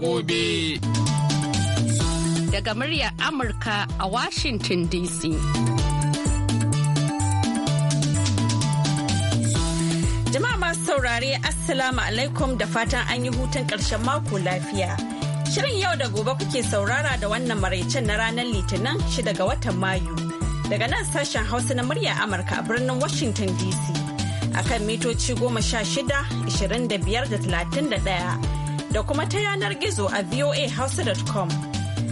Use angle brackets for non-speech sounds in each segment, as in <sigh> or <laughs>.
gobe. Daga muryar Amurka a Washington DC. Jama'a masu saurare Assalamu alaikum da fatan an yi hutun ƙarshen mako lafiya. Shirin yau da gobe kuke saurara da wannan maraicen na ranar Litinin 6 ga watan Mayu. Daga nan sashen Hausa na murya Amurka a birnin Washington DC. akan mitoci goma sha shida, ishirin da biyar da talatin da ɗaya. da kuma ta yanar gizo a voahausa.com.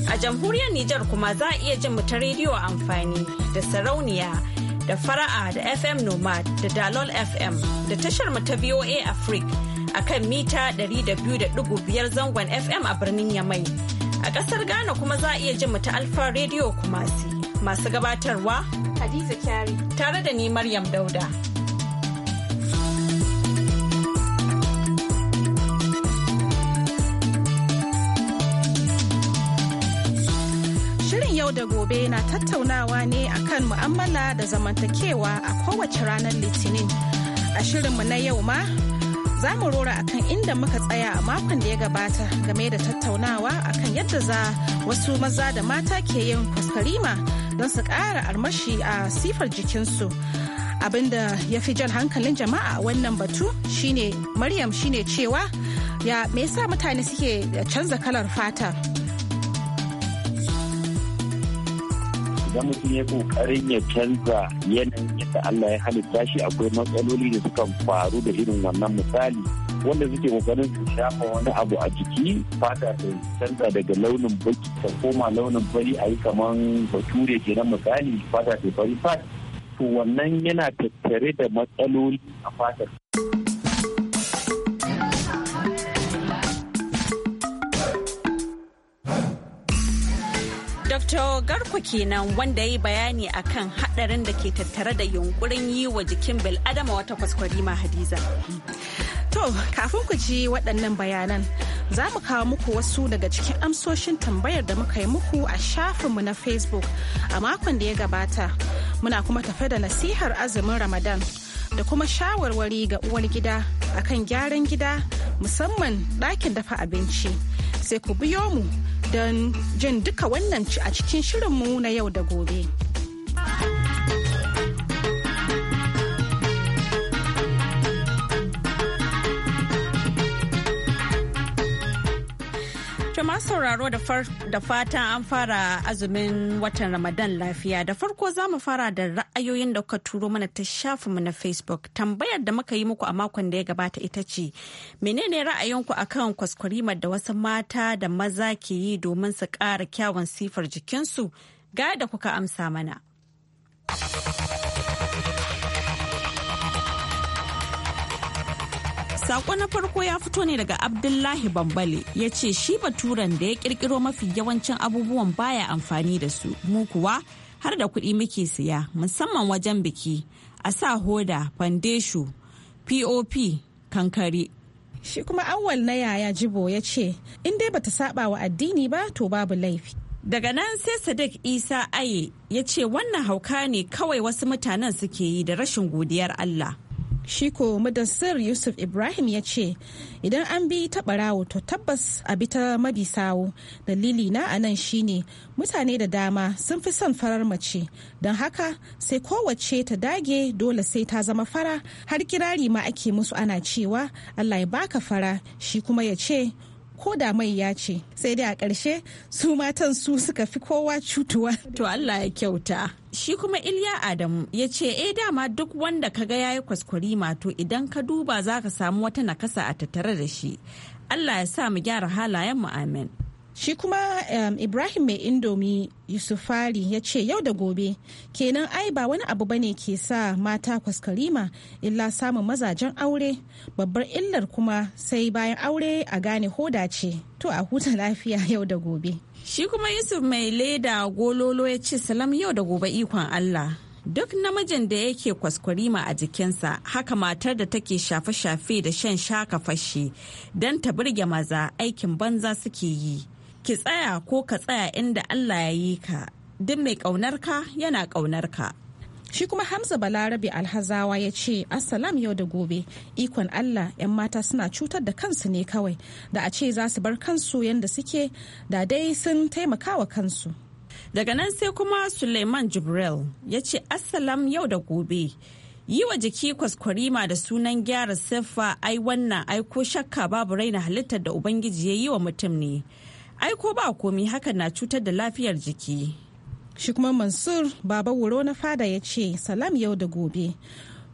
A jamhuriyar Nijar kuma za a iya jin mu ta rediyo amfani da sarauniya da fara'a da FM Nomad da Dalol FM da tashar mu ta VOA Africa a kan mita 200.5 zangon FM a birnin Yamai. A ƙasar Ghana kuma za a iya jin mu ta Alfa rediyo Kumasi. Masu gabatarwa Hadiza Kyari tare da ni Maryam Dauda. da gobe na tattaunawa ne akan mu'amala da zamantakewa a kowace ranar litinin. A shirinmu na yau ma, za mu rora akan inda muka tsaya a makon da ya gabata game da tattaunawa akan yadda za wasu maza da mata ke yin fuskarima don su ƙara armashi a sifar jikinsu. abinda ya fi jan hankalin jama'a wannan batu shine maryam shine cewa ya me yasa mutane suke canza kalar fata idan mutum ya kokarin ya canza yanayin yadda Allah ya halitta shi akwai matsaloli da sukan faru da irin wannan misali wanda suke kokarin su shafa wani abu a jiki fata ta canza daga launin baki ta koma launin fari a yi kaman bature kenan misali fata ta fari fat to wannan yana tattare da matsaloli a fatar. Dr. Garko kenan wanda ya yi bayani akan haɗarin da ke tattare da yunkurin yi wa jikin bil'adama wata kwaskwari Ma Hadiza. To, kafin ku ji waɗannan bayanan, za mu kawo muku wasu daga cikin amsoshin tambayar da muka yi muku a shafinmu na Facebook a makon da ya gabata. Muna kuma tafe da nasihar azumin Ramadan da kuma shawarwari ga uwar gida akan gyaran gida musamman ɗakin dafa abinci. Sai ku biyo mu don jin duka wannan a cikin shirinmu na yau da gobe. To ma sauraro da fatan an fara azumin watan Ramadan lafiya da farko za mu fara da ra'ayoyin da kuka turo mana ta mu na Facebook. Tambayar da muka yi muku a makon da ya gabata ita ce, menene ra'ayinku akan kwaskwarimar da wasu mata da maza ke yi domin su ƙara kyawun sifar jikinsu? Ga da kuka amsa mana. Sako na farko ya fito ne daga Abdullahi Bambale ya ce shi baturen da ya kirkiro mafi yawancin abubuwan baya amfani da su mu kuwa har da kuɗi muke siya musamman wajen biki a sa hoda fandeshu pop kankare shi kuma awwal na yaya jibo ya ce in dai bata saba wa addini ba to babu laifi daga nan sai sadiq isa aye ya ce wannan hauka ne kawai wasu mutanen suke yi da rashin godiyar allah Shiko Mudassir Yusuf Ibrahim ya ce, Idan an bi ta to tabbas a bi ta mabi sawo. Dalili na a nan shine mutane da dama sun fi son farar mace, don haka sai kowace ta dage dole sai ta zama fara har kirari ma ake musu ana cewa Allah ya baka fara shi kuma ya ce ko da mai ya ce sai dai a ƙarshe su matan su suka fi kowa cutuwa to Allah ya kyauta shi kuma Ilya Adamu ya ce eh dama duk wanda kaga yayi kwaskwari to idan ka duba zaka samu wata nakasa a tattare da shi Allah ya sa mu gyara halayen mu amin shi kuma um, ibrahim mai indomi yusufari ya ce yau da gobe kenan ai ba wani abu bane ke sa mata kwaskarima illa samun mazajen aure babbar illar kuma sai bayan aure a gane hoda ce to a huta lafiya yau da gobe shi kuma yusuf mai leda gololo ya ce salam yau da gobe ikon allah duk namijin da yake kwaskwarima a jikinsa haka matar da take shafe-shafe da shan shaka fashe don ta burge maza aikin banza suke yi ki tsaya ko ka tsaya inda Allah ya yi ka duk mai ƙaunar ka yana ƙaunar ka shi kuma hamza balarabe alhazawa ya ce assalam yau da gobe ikon allah 'yan mata suna cutar da kansu ne kawai da a ce za su bar kansu yadda suke da dai sun taimaka wa kansu daga nan sai kuma suleiman jibril ya ce assalam yau da gobe yi wa jiki kwaskwarima da sunan gyara siffa ai wannan ai ko shakka babu raina halittar da ubangiji ya yi wa mutum ne ai ko ba komi hakan na cutar da lafiyar jiki shi kuma mansur baba wuro na fada ya ce salam yau da gobe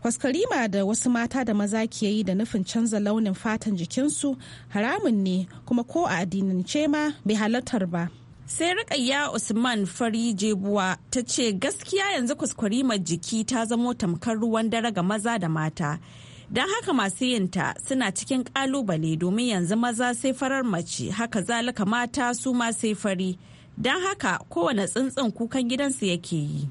Kwaskwarima da wasu mata da maza ke yi da nufin canza launin fatan jikinsu haramun ne kuma ko a addinance ma bai halartar ba. Sai rikayya Usman Fari Jebuwa ta ce gaskiya yanzu kwaskwarimar jiki ta zamo tamkar ruwan dare ga maza da mata. Don haka masu yinta suna cikin ƙalubale domin yanzu maza sai farar mace haka zalika mata su ma sai fari. Don haka kowane tsuntsun kukan gidansu yake yi.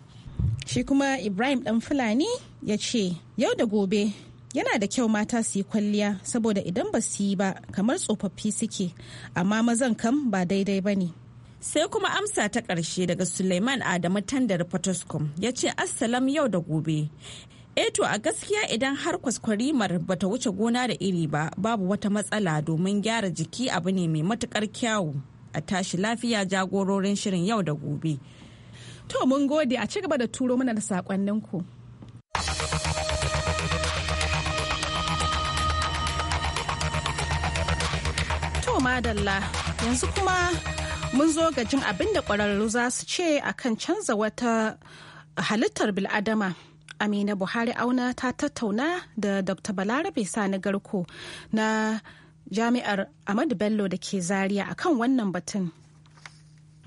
Shi kuma Ibrahim ɗan Fulani ya ce, Yau da gobe yana da kyau mata su yi kwalliya saboda idan ba su yi ba kamar tsofaffi suke amma mazan kam ba daidai ba ne sai kuma amsa ta ƙarshe daga suleiman adamu tandar potoscom ya ce assalam yau da gobe E to a gaskiya idan har kwaskwarimar bata wuce gona da iri ba babu wata matsala domin gyara jiki abu ne mai matukar kyawu a tashi lafiya jagororin shirin yau da gobe. To mun gode a ci gaba da turo mana da sakonninku. To madalla yanzu kuma mun zo gajin jin abin da ƙwararru za su ce akan canza wata halittar bil'adama. Amina Buhari auna ta tattauna da Dr. Balarabe Sani Garko na jami'ar Ahmadu Bello da ke Zaria akan wannan batun.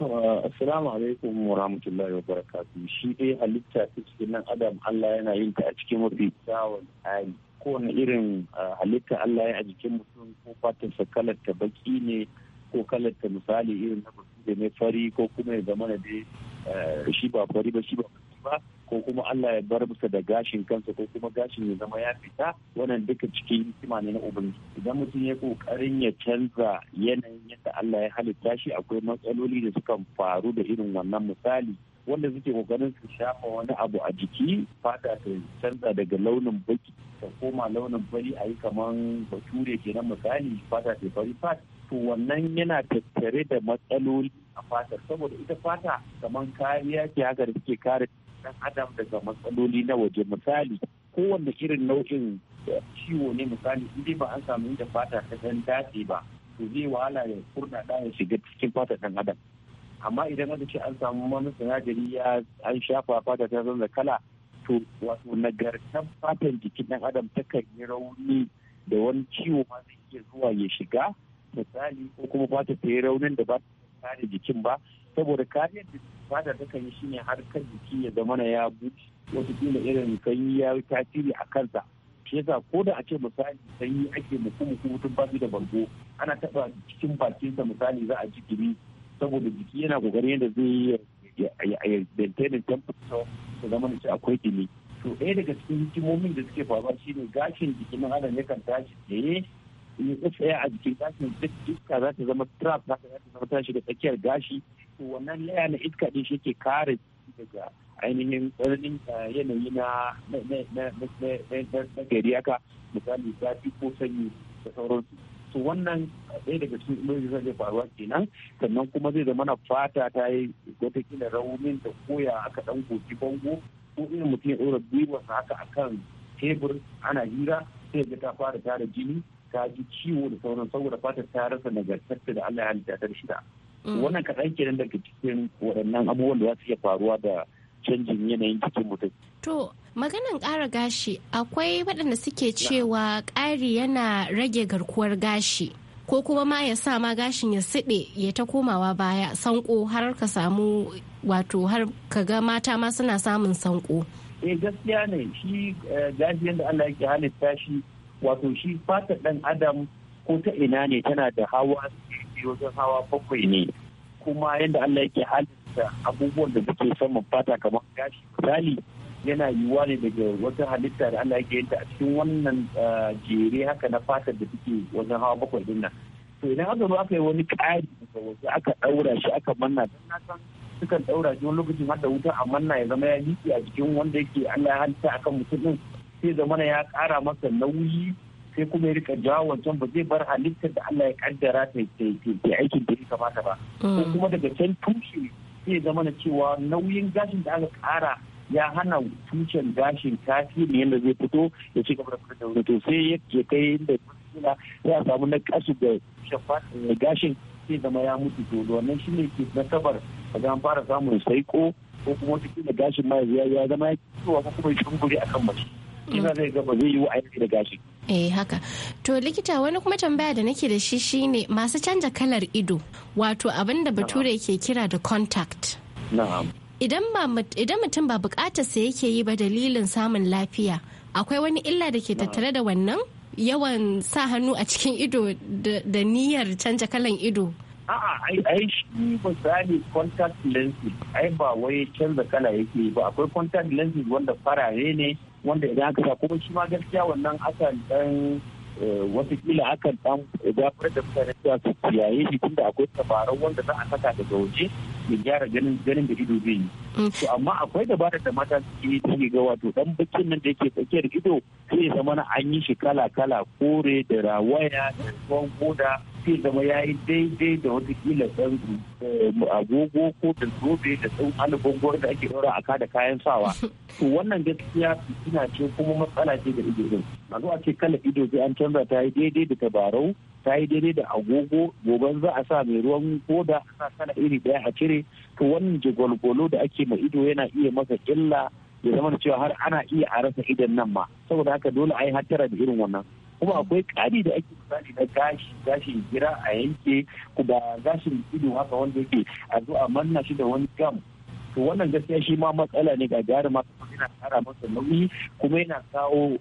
Assalamu alaikum wa rahmatullahi wa barakatu. Shi dai halitta ta cikin nan Adam Allah yana yin ta a cikin mafi kyawun ayi. Kowane irin halitta Allah ya a jikin mutum ko sa kalar ta baki ne ko kalar ta misali irin na mutum da mai fari ko kuma ya zama da shi ba fari ba shi ba ba. ko kuma Allah ya bar musa da gashin kansa ko kuma gashin ya zama ya fita wannan duka cikin hikima ne na ubangiji idan mutum ya kokarin ya canza yanayin yadda Allah ya halitta shi akwai matsaloli da suka faru da irin wannan misali wanda suke kokarin su shafa wani abu a jiki fata ta canza daga launin baki ta koma launin fari a yi kaman bature kenan misali fata ta fari fat to wannan yana tattare da matsaloli a fata saboda ita fata kamar kariya ce haka da suke kare ɗan adam daga matsaloli na waje misali kowanne irin nau'in ciwo ne misali in ba an samu inda fata ta ɗan dace ba to zai wahala ya kurna da ya shiga cikin fata ɗan adam amma idan aka ce an samu wani sinadari ya an shafa fata ta zama kala to wato nagartan fatan jikin ɗan adam takan yi rauni da wani ciwo ma zai iya zuwa ya shiga misali ko kuma fata ta yi raunin da ba ta kare jikin ba saboda kariyar da fata kan yi shine kan jiki ya zama ya buɗe wasu kila irin sanyi ya yi tasiri a kansa shi yasa ko da a ce misali sanyi ake muku mutum ba da bargo ana taba cikin bakinsa misali za a ji gumi saboda jiki yana kokarin yadda zai yi ya maintain temperature ta zama da akwai gini to ɗaya daga cikin hikimomin da suke faruwa shine gashin jikin adam yakan tashi tsaye in ya tsaya a jikin gashin duk iska za ta zama trap za ta zama tashi da tsakiyar gashi to wannan layana na iska din shi ke kare daga ainihin tsananin eh, yanayi na gari aka misali zafi ko sanyi da sauransu su wannan eh, ɗaya daga cikin ilolin zai faruwa kenan sannan kuma zai zama na fata ta yi watakila raunin da koya aka ɗan goji bango ko irin mutum ya ɗora gwiwarsa haka akan tebur ana hira sai ga ta fara tara jini ta ji ciwo da sauran saboda fatar ta rasa nagartarta da Allah ya halitta ta shida Mm. wannan kaɗan kenan daga cikin waɗannan abubuwan da za su iya faruwa da canjin yanayin cikin mutum. To, maganan ƙara gashi akwai waɗanda suke cewa ƙari yana rage garkuwar gashi. Ko kuma ma ya sa ma gashin ya siɗe ya ta komawa baya sanko har ka samu wato har ka ga mata ma suna samun sanko. Eh gaskiya ne shi eh, gashi yadda Allah yake halitta shi wato shi fatar ɗan adam ko ta ina ne tana da hawa biyu wajen hawa bakwai ne kuma yadda Allah yake halitta abubuwan da suke saman fata kamar gashi misali yana yiwuwa ne daga wata halitta da Allah yake yadda a cikin wannan ah, jere haka na fata da suke wajen hawa bakwai din nan to idan aka zo aka yi wani ƙari daga wasu aka ɗaura shi aka manna don na san sukan ɗaura shi wani lokacin har da wuta a manna ya zama ya liƙe a jikin wanda yake Allah ya halitta akan mutum din sai zamana ya ƙara masa nauyi sai kuma ya rika jawo wancan ba zai bar halittar da Allah ya kaddara ta yi aikin da ya kamata ba ko mm. kuma daga can tushe sai zama na cewa nauyin gashin da aka kara ya hana tushen gashin kafi ne yadda zai fito ya ci gaba da fitar da to sai ya kai da kila ya samu na kasu da eh, gashin sai zama ya mutu to wannan shine ke nasabar a zan fara samun saiko ko kuma wata kila gashin ma ya zama ya kiwa ko kuma ya a kan mace ina mm. zai gaba zai yi wa aiki da gashin eh haka to likita wani kuma tambaya da nake da shi shine masu canja kalar ido wato abin da bature ke kira da contact idan mutum ba bukatar sa yake yi ba dalilin samun lafiya akwai wani illa da ke tattare da wannan yawan sa hannu a cikin ido da niyyar canja kalan ido a'a ai shi misali contact lenses ai ba wai canza kala yake ba akwai contact lenses wanda farare ne wanda idan aka sa kuma shi ma gaskiya wannan akan dan eh, watakila akan dan gafar da mutane cewa su kiyaye shi tunda akwai tabarau wanda za a saka daga waje ya gyara ganin da ido zai yi. Mm. To amma akwai dabarar da mata suke yi take ga wato dan bakin nan da yake tsakiyar ido sai ya zama an yi shi kala kala kore da rawaya da ruwan goda ce zama ya yi daidai da kila san eh, agogo ko da zobe da ɗan alibon da ake daura a kada kayan sawa <laughs> to wannan gaskiya fitina ce kuma matsala ce da ido a zo a ce kala ido sai an canza ta yi daidai da tabarau ta yi daidai da agogo gobe za a sa mai ruwan koda a sa kana iri ɗaya a cire to wannan jagwalgwalo da ake ma ido yana iya masa illa ya zama cewa har ana iya a rasa idan nan ma saboda haka dole a yi hattara da irin wannan kuma akwai kari da ake misali na gashi gashin gira a yanke da gashin ido haka wanda yake a zo a manna shi da wani gam to wannan gaskiya shi ma matsala ne ga gyara masu yana kara masa nauyi kuma yana kawo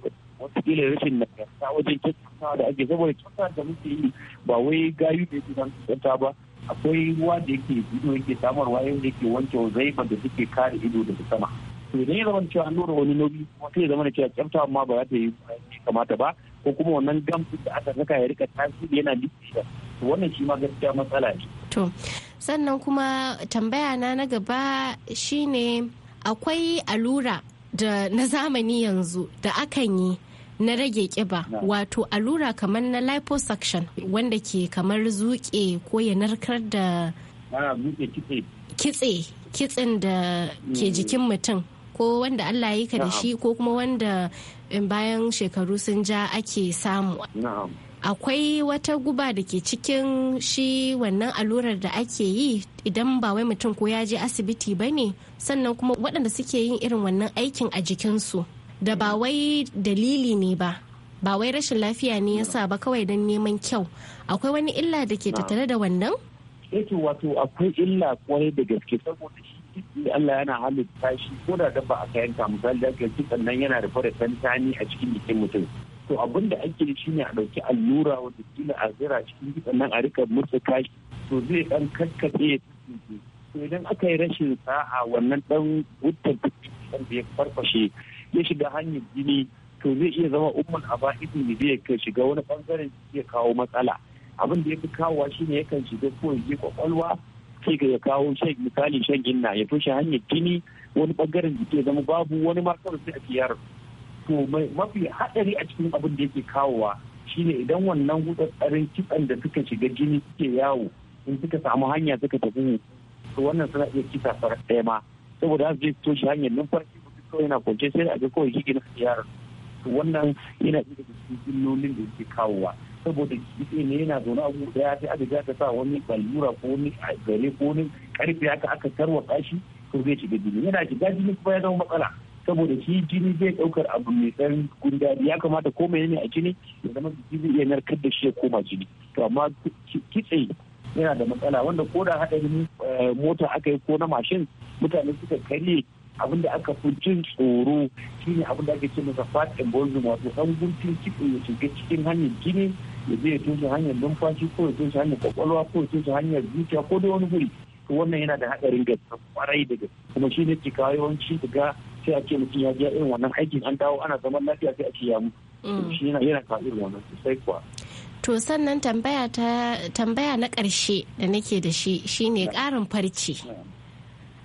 kila rashin gasa wajen kyautata da ake saboda kyautata da muke yi ba wai gayu da yake zan kyauta ba akwai ruwa da yake ido yake samarwa yau da yake wanke zaifa da suke kare ido daga sama to idan ya zama cewa an nuna wani nauyi kuma sai ya zama da cewa kyauta ma ba za ta yi kamata ba ko kuma wannan gamsu da aka saka ya rika tasiri yana dikita wannan shi ma gaskiya matsala ne. To sannan kuma tambaya na na gaba shine akwai allura da na zamani yanzu da akan yi na rage kiba wato allura kamar na liposuction wanda ke kamar zuke ko ya narkar da kitse kitsen da ke mm. jikin mutum ko wanda Allah ya yi ka da shi ko kuma wanda bayan shekaru sun ja ake samu akwai wata guba da ke cikin shi wannan alurar da ake yi idan ba wai mutum ko ya je asibiti ba ne sannan kuma waɗanda suke yin irin wannan aikin a jikinsu da ba wai dalili ne ba ba wai rashin lafiya ne yasa ba kawai don neman kyau akwai wani illa da ke tattare da wannan? Eh wato akwai illa kwarai da gaske saboda shi ciki Allah yana halin shi ko da dabba aka ta misali da ake cikin nan yana da fara tani a cikin jikin mutum to abin da ake shi ne a ɗauki allura wata kila a zira cikin jikin nan a rika musu kashi to zai ɗan kakkaɓe ya to idan aka yi rashin sa'a wannan ɗan wutar da ya farfashe ya shiga hanyar jini to zai iya zama umman idin ne zai ka shiga wani bangaren ya kawo matsala abin da ya fi kawowa shine yakan shiga ko ya kwakwalwa sai ka kawo shan misali shan inna ya toshe hanyar jini wani bangaren jiki zama babu wani ma sai a ciyar to mafi haɗari a cikin abin da yake kawowa shine idan wannan hutsatsarin kitsan da suka shiga jini suke yawo in suka samu hanya suka tafi to wannan suna iya kisa fara ɗaya ma saboda haka zai toshe hanyar numfashi ko kawai yana kwance sai a ga kawai shi na yaron to wannan yana iya cikin illolin da yake kawowa saboda kitse ne yana zaune a guda ya sai aka ta sa wani balura ko wani gare ko wani karfe haka aka tarwa shi to zai shiga jini yana shiga jini kuma ya zama matsala saboda shi jini zai daukar abu mai dan gundari ya kamata ko mai ne a jini ya zama jiki zai iya narkar da shi ya koma jini to amma kitse yana da matsala wanda ko da haɗarin eh, mota aka yi ko na mashin mutane suka karye abin da aka fi jin tsoro shine abin da ake ce masa fat embolism wato dan guntun kitse ya shiga cikin hanyar jini ya je ya toshe hanyar numfashi ko ya toshe hanyar kwakwalwa ko ya toshe hanyar zuciya ko da wani guri to wannan yana da hadarin gaske kwarai da gaske kuma shi ne cika yawanci ga sai a ce mutum ya je irin wannan aikin an dawo ana zaman lafiya sai a ce ya mu mm. shi yana yana kafin irin wannan sosai kuwa to sannan tambaya ta tambaya na karshe da nake da shi shine karin farce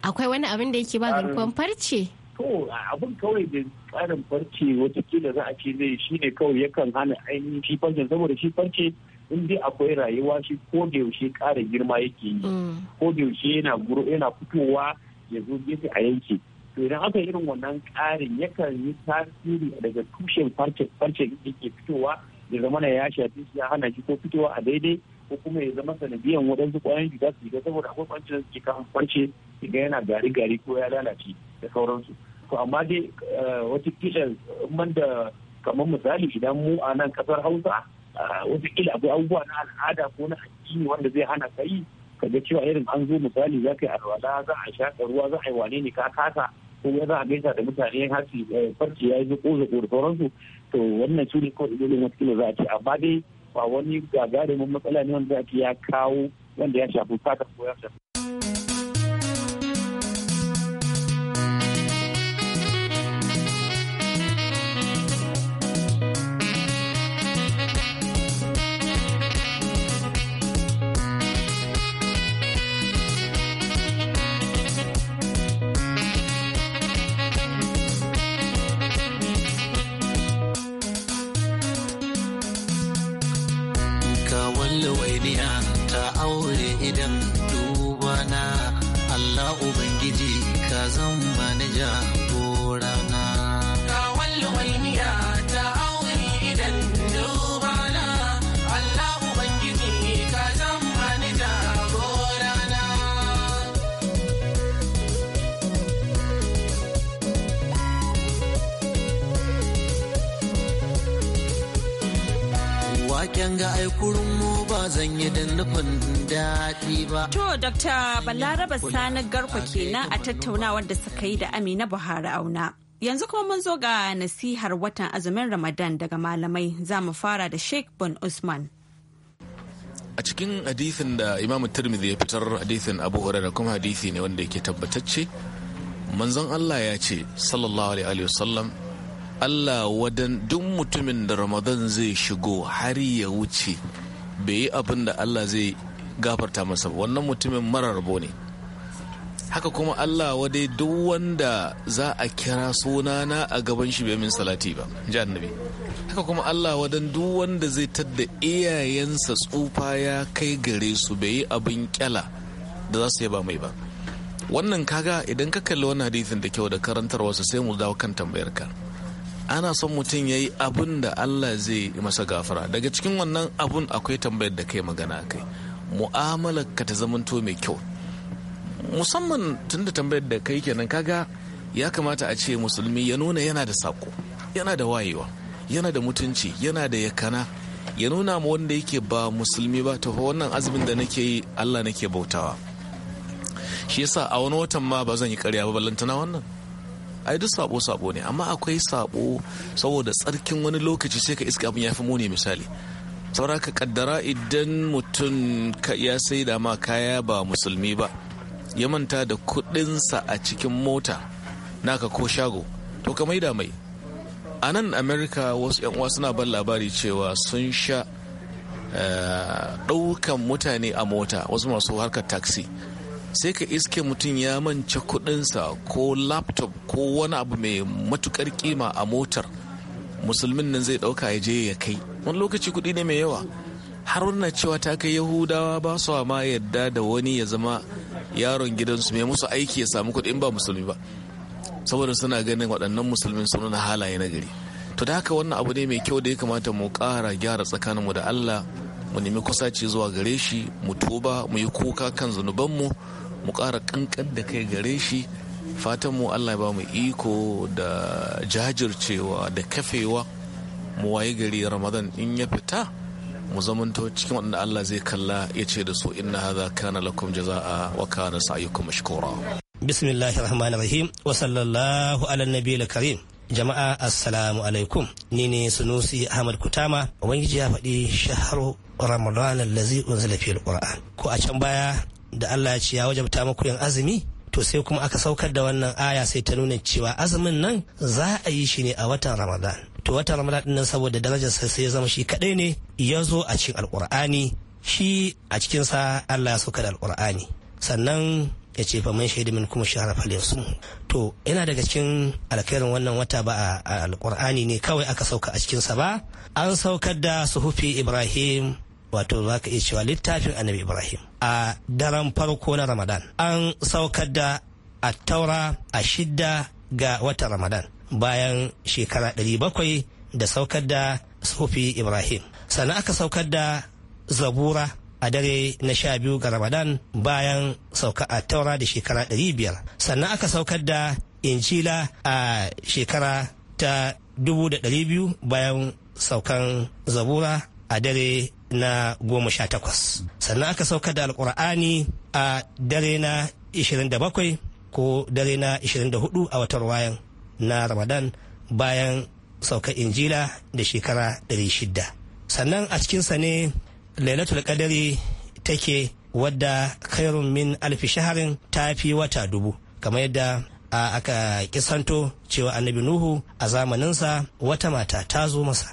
akwai wani abin da yake ba garkuwan farce to abin kawai da tsarin farce watakila za a ce zai shi ne kawai yakan hana ainihin shi farce saboda shi farce in dai akwai rayuwa shi ko da yaushe ƙara girma yake yi mm. ko da yaushe yana guro yana fitowa ya zo gefe a yanke to idan aka irin wannan ƙarin yakan yi tasiri daga tushen farce farce yake fitowa ya zama na ya shafi ya hana shi ko fitowa a daidai ko kuma ya zama sanadiyan waɗansu ƙwayoyin cuta su shiga saboda akwai farce da suke kan farce ga yana gari gari ko ya lalace da sauransu to amma dai eh, watakila man da kamar misali idan mu a nan kasar hausa eh, watakila akwai abubuwa na al'ada ko na addini wanda zai hana kai ka ga cewa irin an zo misali za ka yi alwala za a shaƙa ruwa za a yi wane ne ka kasa ko za a gaisa da mutane har su eh, farce ya yi ko da sauransu to wannan su ne kawai wata kila za a ce amma dai ba wani gagarumin matsala ne wanda za a ce ya kawo wanda ya shafi fata ko ya shafi nan ga mu ba zan yi da nufin daɗi ba. To, Dr. Balaraba Sani Garko kenan a tattaunawar da suka yi da Amina Buhari auna. Yanzu kuma mun zo ga nasihar watan azumin Ramadan daga malamai za mu fara da Sheikh Bon Usman. a cikin hadithin da imamu tirmidhi ya fitar hadithin abu hurairah kuma hadithi ne wanda yake tabbatacce manzon allah ya ce sallallahu alaihi wasallam allah wadan duk mutumin da ramadan zai shigo har ya wuce bai yi abin da allah zai gafarta masa wannan mutumin marar rabo ne haka kuma allah wadai duk wanda za a kira sunana a gaban shi bai min salati ba Jannabi. haka kuma allah wadan duk wanda zai tadda iyayensa tsufa ya kai gare su bai yi abin kyala da za su yaba mai ba wannan kaga idan ka kalli wannan hadithin da kyau da karantarwarsa sai mu dawo kan tambayarka ana son mutum ya yi abin da allah zai masa gafara daga cikin wannan abun akwai tambayar da kai magana kai mu'amala ka ta zamanto mai kyau musamman tun da tambayar da kai kenan kaga ya kamata a ce musulmi ya nuna yana da sako yana da wayewa yana da mutunci yana da yakana ya nuna ma wanda yake ba musulmi ba ta wannan azumin da nake yi allah nake bautawa shi yasa a wani watan ma ba zan yi karya ba ballantana wannan ai duk sabo sabo ne amma akwai sabo saboda tsarkin wani lokaci sai ka iska abin ya fi muni misali saura ka kaddara idan mutum ya sai da ma kaya ba musulmi ba ya manta da kudinsa a cikin mota naka ko shago to ka maida mai a nan america wasu yan uwa suna ban labari cewa sun sha eh, ɗaukan mutane a mota wasu masu harkar taxi sai ka iske mutum ya mance kudinsa ko laptop ko wani abu mai matukar kima a motar musulmin nan zai dauka ya je ya kai wani lokaci kudi ne mai yawa har na cewa ta kai yahudawa ba su ma yadda da wani ya zama yaron gidansu mai musu aiki ya samu kuɗi in ba musulmi ba saboda suna ganin waɗannan musulmin sun na halaye na gari to da haka wannan abu ne mai kyau da ya kamata mu ƙara gyara tsakaninmu da allah mu nemi kusaci zuwa gare shi mu tuba mu yi kuka kan zunubanmu mu ƙara ƙanƙan da kai gare shi fatan mu allah ba mu iko da jajircewa da kafewa mu waye gari ramadan in ya fita mu zamanto cikin waɗanda allah zai kalla ya ce da su inna hadha kana lakum jaza'a wa kana sa'yukum mashkura bismillahir rahmanir rahim wa sallallahu ala nabiyil karim jama'a assalamu alaikum ni ne sunusi ahmad kutama ubangiji ya faɗi shaharu ramadan allazi unzila fil qur'an ko a can baya da Allah ya ce ya wajabta muku yin azumi to sai kuma aka saukar da wannan aya sai ta nuna cewa azumin nan za a yi shi ne a watan ramadan to watan ramadan nan saboda darajar sa sai ya zama shi kadai ne ya zo a cikin alkur'ani shi a cikin sa Allah ya saukar da alkur'ani sannan ya ce fa man shaidi min kuma shahara fal to yana daga cikin alkhairin wannan wata ba a alkur'ani ne kawai aka sauka a cikin sa ba an saukar da suhufi ibrahim wato za ka iya cewa littafin annabi ibrahim a daren farko na ramadan an saukar da a taura a shidda ga watan ramadan bayan shekara ɗari bakwai da saukar da sufi ibrahim sannan aka saukar da zabura a dare na sha biyu ga ramadan bayan sauka a taura da shekara ɗari biyar sannan aka saukar da injila a shekara ta dubu da ɗari biyu bayan saukan zabura a dare na goma sha takwas sannan aka sauka da alkur'ani a dare na ishirin da bakwai ko dare na ishirin da hudu a watan wayan na ramadan bayan saukar injila da shekara ɗari shida sannan a cikinsa ne lailatul kadari take wadda khairun min alfi shaharin ta fi wata dubu kamar yadda aka kisanto cewa annabi nuhu a zamaninsa wata mata ta zo masa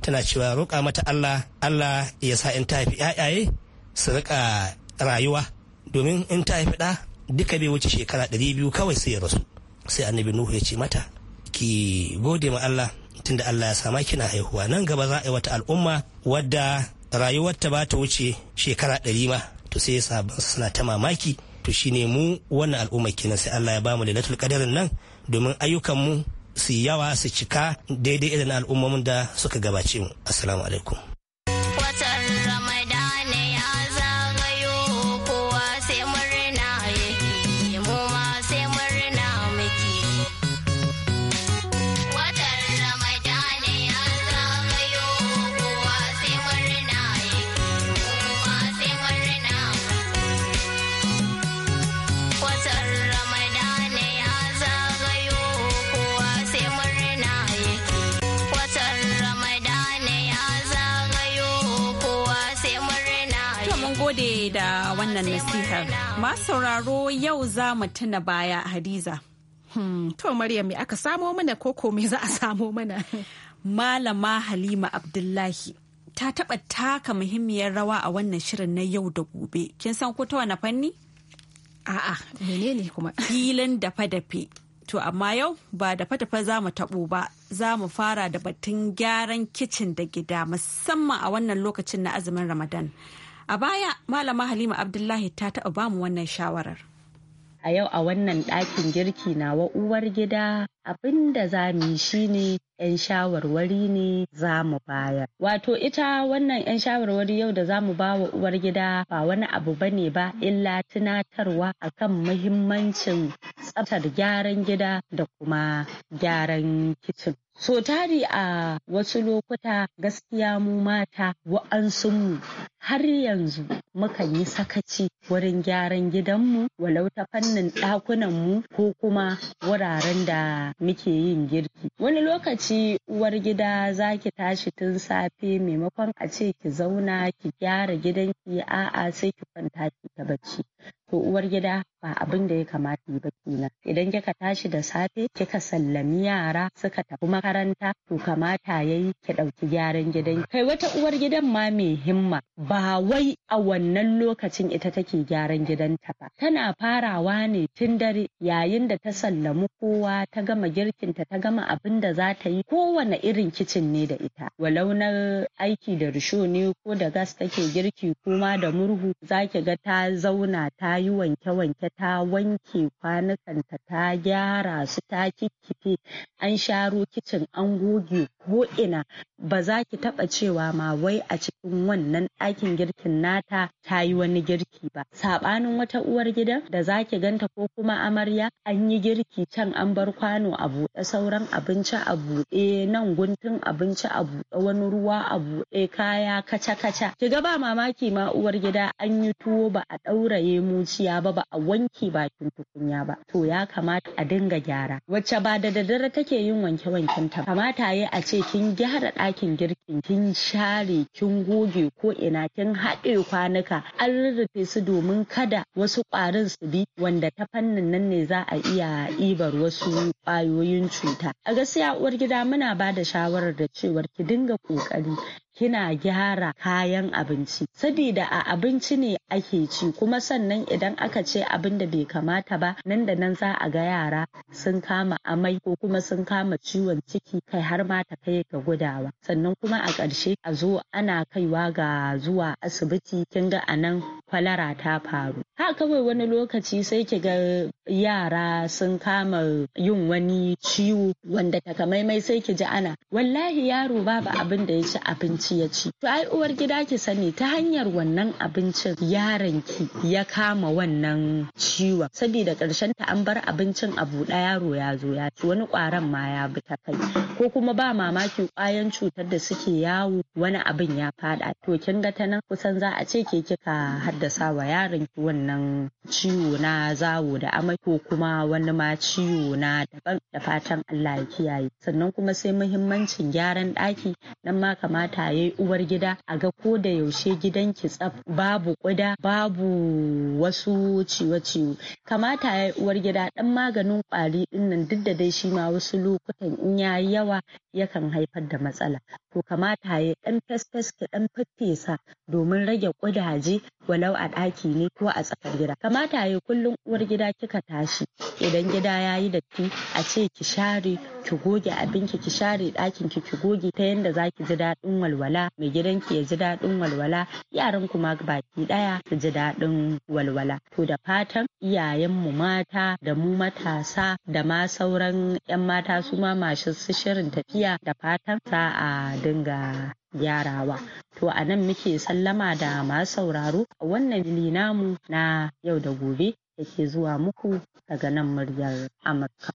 tana cewa roƙa mata Allah Allah ya sa in ta haifi ƴaƴaye su riƙa rayuwa domin in ta haifi ɗa duka bai wuce shekara ɗari biyu kawai sai ya rasu sai annabi Nuhu ya ce mata ki gode ma Allah tunda Allah ya sama kina haihuwa nan gaba za a yi wata al'umma wadda rayuwarta ba ta wuce shekara ɗari ma to sai ya suna ta mamaki to shine mu wannan al'umma kenan sai Allah ya bamu lailatul kadarin nan domin ayyukan mu su yawa su cika daidai irin al'ummomin da suka gabace mu assalamu alaikum wannan nasihar. sauraro yau za mu tuna baya Hadiza. Hmm, to Maryam me aka samo mana koko me za a samo mana? <laughs> Malama Halima Abdullahi ta taɓa taka muhimmiyar rawa a wannan shirin na yau da gobe. Kin san ko ta wani fanni? A'a, menene kuma? <laughs> Filin dafe-dafe. To amma yau ba dafe-dafe za mu taɓo ba, za mu fara da batun gyaran kicin da gida musamman a wannan lokacin na azumin Ramadan. A baya, Malama Halima Abdullahi ta taɓa bamu wannan shawarar. a yau a wannan ɗakin girki nawa uwar gida abin da za mu yi shine yan shawarwari ne za mu bayar wato ita wannan yan shawarwari yau da za mu ba wa uwar gida ba wani abu ba ne ba illa tunatarwa akan muhimmancin tsaftar gyaran gida da kuma gyaran kicin So tari a wasu lokuta gaskiya mu mata wa'ansunmu har yanzu mukan yi sakaci wurin gyaran gidanmu walau ta fannin ɗakunanmu ko kuma wuraren da muke yin girki. Wani lokaci uwar gida za ki tashi tun safe maimakon a ce ki zauna ki gyara gidanki a'a sai ki kwanta ki ta bacci. To uwar gida ba abin da ya kamata yi ba kenan idan kika tashi da safe kika sallami yara suka tafi makaranta to kamata yayi ki ɗauki gyaran gidan kai wata uwar gidan ma mai himma ba wai a wannan lokacin ita take gyaran gidanta ba tana farawa ne tun dare yayin da ta sallamu kowa ta gama girkinta ta gama abin da za ta yi kowane irin kicin ne da ita walau na aiki da risho ne ko da gas take girki kuma da murhu zaki ga ta zauna ta yi wanke-wanke ta wanke kwanukanta, ta gyara su, ta kikkife, an sharo kicin, an goge ko ina ba za ki taɓa cewa ma wai a cikin wannan ɗakin girkin nata ta yi wani girki ba saɓanin wata uwar gida da za ki ganta ko kuma amarya an yi girki can an bar kwano a buɗe sauran abinci a buɗe nan guntun abinci a buɗe wani ruwa a buɗe kaya kaca-kaca ki ga ba mamaki ma uwar gida an yi tuwo ba a ɗauraye muciya ba ba a wanke bakin tukunya ba to ya kamata a dinga gyara wacce ba da daddare take yin wanke-wanken ta kamata ya a ce kin gyara ɗakin ɗakin girkin kin share kin goge ko ina kin haɗe kwanuka an rurrufe su domin kada wasu ƙwarin su bi wanda ta fannin nan ne za a iya ibar wasu ƙwayoyin cuta a gaskiya uwar gida muna ba da shawarar da cewar ki dinga ƙoƙari kina gyara kayan abinci sabida a abinci ne ake ci kuma sannan idan aka ce abin da bai kamata ba nan da nan za a ga yara sun kama amai ko kuma sun kama ciwon ciki kai har ma ta kai ga gudawa sannan kuma a ƙarshe a zo ana kaiwa ga zuwa asibiti kin ga a nan kwalara ta faru. Ha kawai wani lokaci sai ki ga yara sun kama yin wani ciwo wanda takamaimai sai ki ji ana wallahi yaro babu abin da ya ci abinci ya ci. To ai uwar gida ki sani ta hanyar wannan abincin yaron ki ya kama wannan ciwon saboda karshen ta an bar abincin a buɗa yaro ya zo ya ci wani ƙwaron ma ya bi ta kai ko kuma ba mamaki kwayan cutar da suke yawo wani abin ya faɗa to kin ga ta nan kusan za a ce ke kika haddasa wa yaron ki wannan ciwo na zawo da amai ko kuma wani ma ciwo na daban da fatan Allah ya kiyaye sannan kuma sai muhimmancin gyaran ɗaki nan ma kamata yayi uwar gida a ga ko da yaushe gidanki tsaf babu ƙuda babu wasu ciwo-ciwo kamata yayi uwar gida ɗan maganin ƙwari ɗinnan duk da dai shi ma wasu lokutan in yayi yawa yakan haifar da matsala to kamata ya ɗan fesfes ki ɗan fesfesa domin rage ƙudaje walau a ɗaki ne ko a tsakar gida kamata ya kullum uwar gida kika tashi idan gida ya yi datti a ce ki share ki goge abinki ki share ɗakin ki ki goge ta yanda ki ji daɗin walwala mai gidan ki ya ji daɗin walwala yaran kuma baki ɗaya su ji daɗin walwala to da fatan iyayen mu mata da mu matasa da ma sauran 'yan mata su ma masu shirin tafiya lafiya da fatan za a dinga gyarawa. To a nan muke sallama da masu sauraro a wannan fili namu na yau da gobe da ke zuwa muku daga nan muryar Amurka.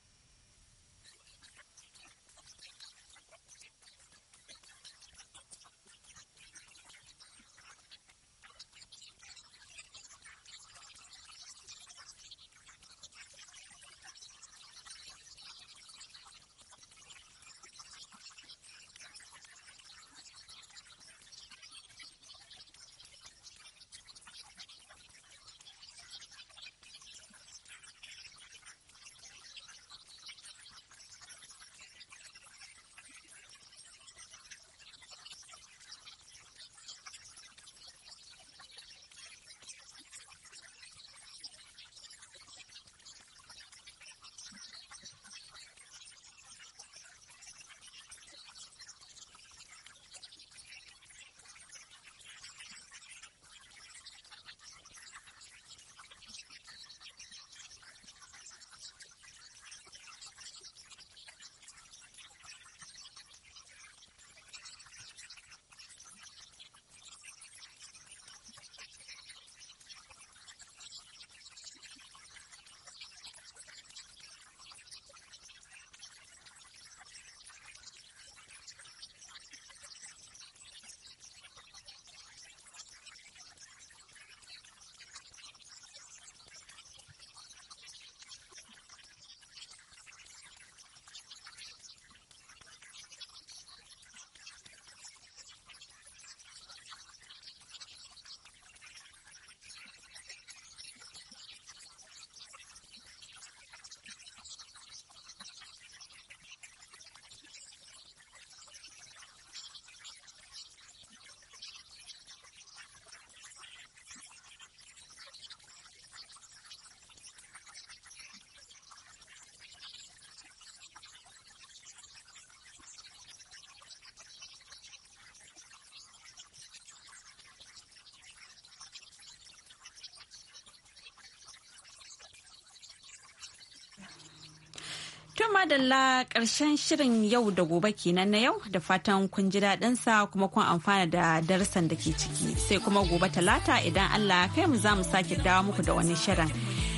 Tuma da ƙarshen shirin yau da gobe kenan na yau da fatan kun ji daɗin sa kuma kun amfana da darasan da ke ciki sai kuma gobe talata idan Allah kai mu za mu sake dawo muku da wani shirin.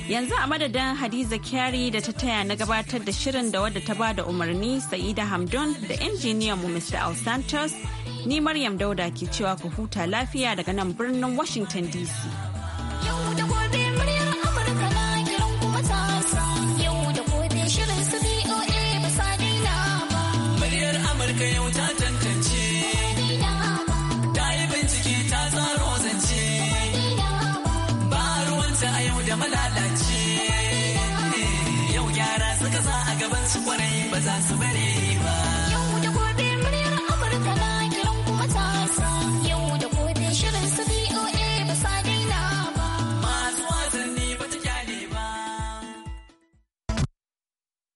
Yanzu a madadin Hadiza Kyari da ta taya na gabatar da shirin da wadda ta bada umarni Sa'ida Hamdun da injiniyan mu Mr. Al Santos ni Maryam Dauda ke cewa ku huta lafiya daga nan birnin Washington DC. Yau da gobe